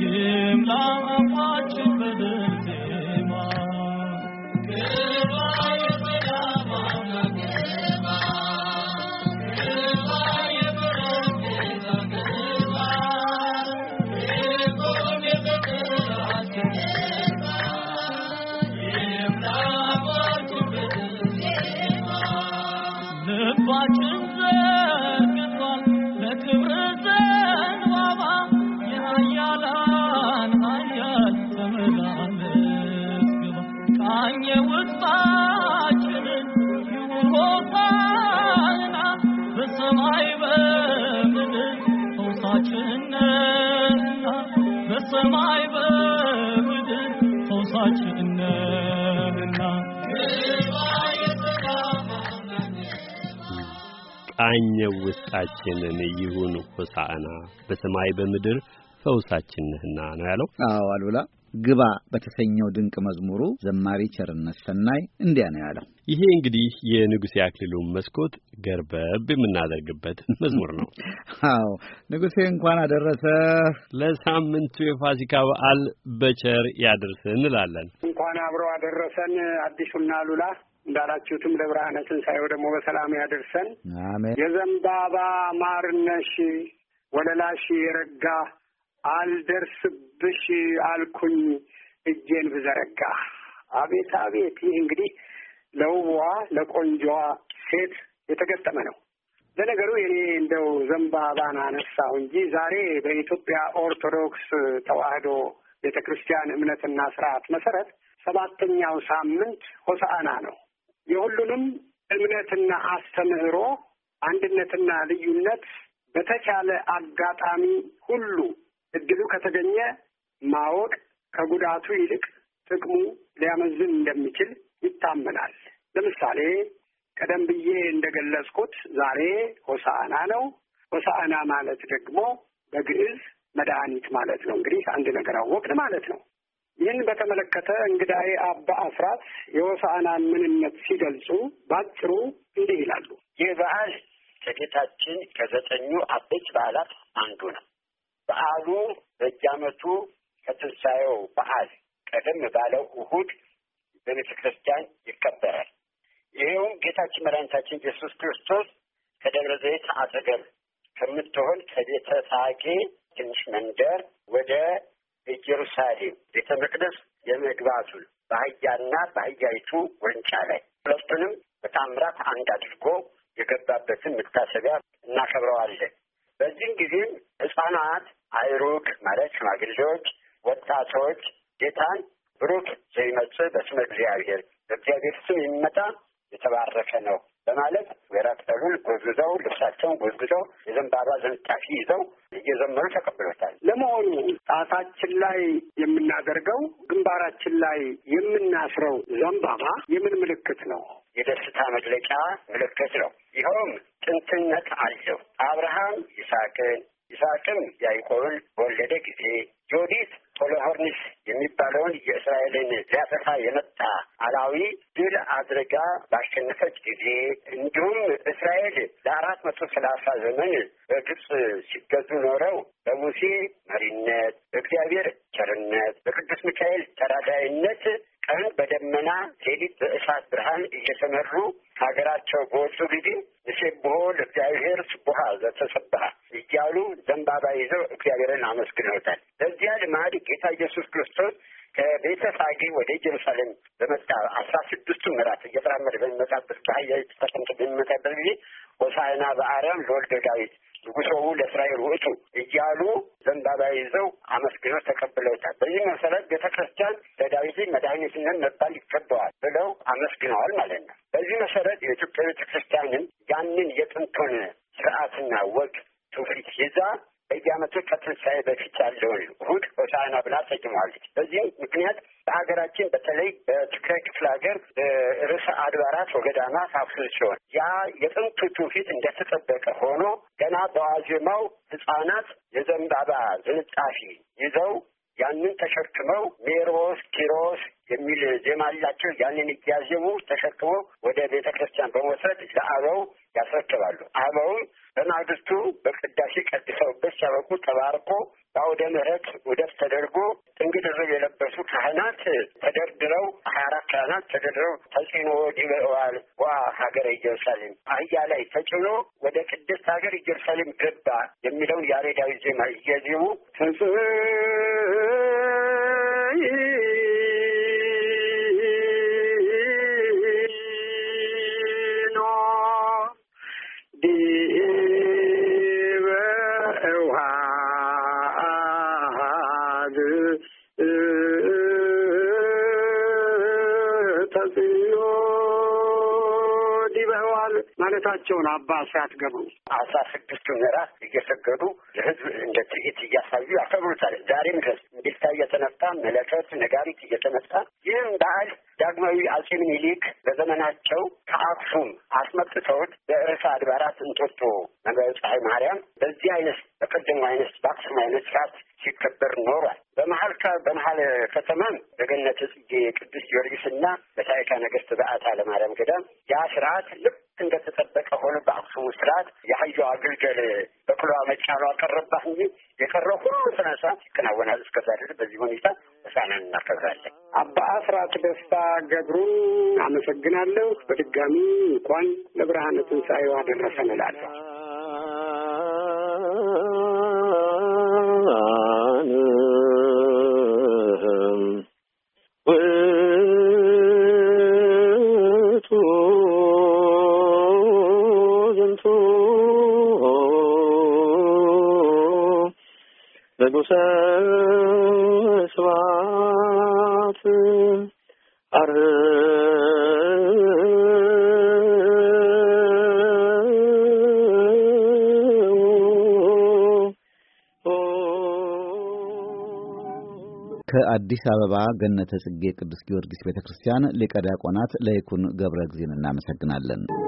Yemla apaçı bedel ቃኘ ውስጣችንን ይሁን ሆሳዕና በሰማይ በምድር ፈውሳችን ነህና ነው ያለው። አዎ አሉላ ግባ በተሰኘው ድንቅ መዝሙሩ ዘማሪ ቸርነት ሰናይ እንዲያ ነው ያለው። ይሄ እንግዲህ የንጉሴ አክሊሉን መስኮት ገርበብ የምናደርግበት መዝሙር ነው። አዎ ንጉሴ እንኳን አደረሰ ለሳምንቱ የፋሲካ በዓል በቸር ያድርስ እንላለን። እንኳን አብሮ አደረሰን አዲሱና ሉላ እንዳላችሁትም ለብርሃነ ትንሣኤው ደግሞ በሰላም ያደርሰን። የዘንባባ ማርነሽ ወለላሽ የረጋ አልደርስ ልብሽ አልኩኝ እጄን ብዘረጋ አቤት አቤት። ይህ እንግዲህ ለውቧ ለቆንጆዋ ሴት የተገጠመ ነው። ለነገሩ የኔ እንደው ዘንባባን አነሳሁ እንጂ ዛሬ በኢትዮጵያ ኦርቶዶክስ ተዋህዶ ቤተ ክርስቲያን እምነትና ስርዓት መሰረት ሰባተኛው ሳምንት ሆሳአና ነው። የሁሉንም እምነትና አስተምህሮ አንድነትና ልዩነት በተቻለ አጋጣሚ ሁሉ እድሉ ከተገኘ ማወቅ ከጉዳቱ ይልቅ ጥቅሙ ሊያመዝን እንደሚችል ይታመናል። ለምሳሌ ቀደም ብዬ እንደገለጽኩት ዛሬ ሆሳዕና ነው። ሆሳዕና ማለት ደግሞ በግዕዝ መድኃኒት ማለት ነው። እንግዲህ አንድ ነገር አወቅን ማለት ነው። ይህን በተመለከተ እንግዳዬ አባ አስራት የሆሳዕናን ምንነት ሲገልጹ ባጭሩ እንዲህ ይላሉ። ይህ በዓል ከጌታችን ከዘጠኙ አበይት በዓላት አንዱ ነው። በዓሉ በየዓመቱ ከትንሣኤው በዓል ቀደም ባለው እሁድ በቤተ ክርስቲያን ይከበራል። ይኸውም ጌታችን መድኃኒታችን ኢየሱስ ክርስቶስ ከደብረ ዘይት አጠገብ ከምትሆን ከቤተ ሳቄ ትንሽ መንደር ወደ ኢየሩሳሌም ቤተ መቅደስ የመግባቱን በአህያና በአህያይቱ ወንጫ ላይ ሁለቱንም በታምራት አንድ አድርጎ የገባበትን መታሰቢያ እናከብረዋለን። በዚህም ጊዜም ሕፃናት አይሩክ ማለት ሽማግሌዎች ወጣቶች ጌታን ብሩክ ዘይመጽእ በስመ እግዚአብሔር በእግዚአብሔር ስም የሚመጣ የተባረከ ነው በማለት ወይራ ቅጠሉን ጎዝጉዘው ልብሳቸውን ጎዝጉዘው የዘንባባ ዘንጣፊ ይዘው እየዘመሩ ተቀብሎታል። ለመሆኑ ጣታችን ላይ የምናደርገው ግንባራችን ላይ የምናስረው ዘንባባ የምን ምልክት ነው? የደስታ መግለጫ ምልክት ነው። ይኸውም ጥንትነት አለው። አብርሃም ይስሐቅን፣ ይስሐቅም ያዕቆብን በወለደ ጊዜ ጆዲት ፖሎ የሚባለውን የእስራኤልን ሊያጠፋ የመጣ አላዊ ድል አድርጋ ባሸነፈች ጊዜ እንዲሁም እስራኤል ለአራት መቶ ሰላሳ ዘመን በግብፅ ሲገዙ ኖረው በሙሴ መሪነት፣ በእግዚአብሔር ቸርነት፣ በቅዱስ ሚካኤል ተራዳይነት ቀን በደመና ሌሊት በእሳት ብርሃን እየተመሩ ሀገራቸው በወጡ ጊዜ ንሴብሖ ለእግዚአብሔር ስቡሃ ዘተሰብሃ እያሉ ዘንባባ ይዘው እግዚአብሔርን አመስግነውታል። በዚያ ልማድ ጌታ ኢየሱስ ክርስቶስ ከቤተ ፋጌ ወደ ኢየሩሳሌም በመጣ አስራ ስድስቱ ምዕራፍ እየተራመደ በሚመጣበት በአህያ ተቀምጦ በሚመጣበት ጊዜ ሆሳዕና በአርያም ለወልደ ዳዊት ንጉሰው ለእስራኤል ውእቱ እያሉ ዘንባባ ይዘው አመስግነው ተቀብለውታል። በዚህ መሰረት ቤተ ክርስቲያን ለዳዊት መድኃኒትነት መባል ይገባዋል ብለው አመስግነዋል ማለት ነው። በዚህ መሰረት የኢትዮጵያ ቤተ ክርስቲያንም ያንን የጥንቱን ስርዓትና ወግ ትውፊት ይዛ በየዓመቱ ከትንሣኤ በፊት ያለውን እሑድ ሆሳዕና ብላ ተጭመዋለች። በዚህም ምክንያት በሀገራችን በተለይ በትግራይ ክፍለ ሀገር ርዕሰ አድባራት ወገዳማት አክሱም ሲሆን ያ የጥንቱ ትውፊት እንደተጠበቀ ሆኖ ገና በዋዜማው ህጻናት የዘንባባ ዝንጣፊ ይዘው ያንን ተሸክመው ሜሮስ፣ ኪሮስ የሚል ዜማ አላቸው። ያንን እያዜሙ ተሸክሞ ወደ ቤተ ክርስቲያን በመውሰድ ለአበው ያስረክባሉ። አበውም በማግስቱ በቅዳሴ ቀድሰው ሲያበቁ ተባርኮ በአውደ ምሕረት ውደት ተደርጎ እንግድርብ የለበሱ ካህናት ተደርድረው ሀያ አራት ካህናት ተደርድረው ተጭኖ ዲበዋል ዋ ሀገረ ኢየሩሳሌም አህያ ላይ ተጭኖ ወደ ቅድስት ሀገር ኢየሩሳሌም ገባ የሚለውን ያሬዳዊ ዜማ እየዜሙ ማለታቸውን አባ ስራት ገብሩ አስራ ስድስቱ ምዕራፍ እየሰገዱ ለህዝብ እንደ ትርኢት እያሳዩ ያከብሩታል። ዛሬም ድረስ እምቢልታ እየተነፋ መለከት፣ ነጋሪት እየተነፋ ይህም በዓል ዳግማዊ አጼ ምኒልክ በዘመናቸው ከአክሱም አስመጥተውት በርዕሰ አድባራት እንጦጦ መንበረ ፀሐይ ማርያም በዚህ አይነት በቀደሙ አይነት በአክሱም አይነት ስርዓት ሲከበር ኖሯል። በመሀል በመሀል ከተማም በገነት ጽጌ ቅዱስ ጊዮርጊስና በታሪካ ነገስት በዓታ ለማርያም ገዳም ያ ስርዓት ልብ እንደተጠበቀ ሆኖ በአክሱም ስርዓት የአህያዋ ግልገል በቅሏ መጫኗ ቀረባት ሁ የቀረ ሁሉ ስነ ስርዓት ይከናወናል። እስከዛ በዚህ ሁኔታ ህሳናን እናከብራለን። አባ አስራት ደስታ ገብሩን አመሰግናለሁ። በድጋሚ እንኳን ለብርሃነ ትንሣኤው አደረሰን እላለሁ። ንጉሰ ከአዲስ አበባ ገነተ ጽጌ ቅዱስ ጊዮርጊስ ቤተ ክርስቲያን ሊቀ ዲያቆናት ለይኩን ገብረ እግዚእን እናመሰግናለን።